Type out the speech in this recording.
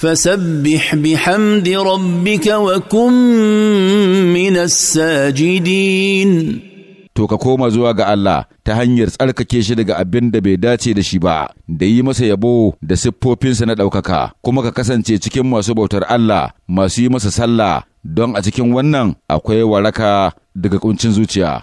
فسبح بحمد ربك وكن من الساجدين to ka koma zuwa ga Allah ta hanyar tsarkake shi daga abin da bai dace da shi ba da yi masa yabo da siffofinsa na ɗaukaka kuma ka kasance cikin masu bautar Allah masu yi masa sallah don a cikin wannan akwai waraka daga kuncin zuciya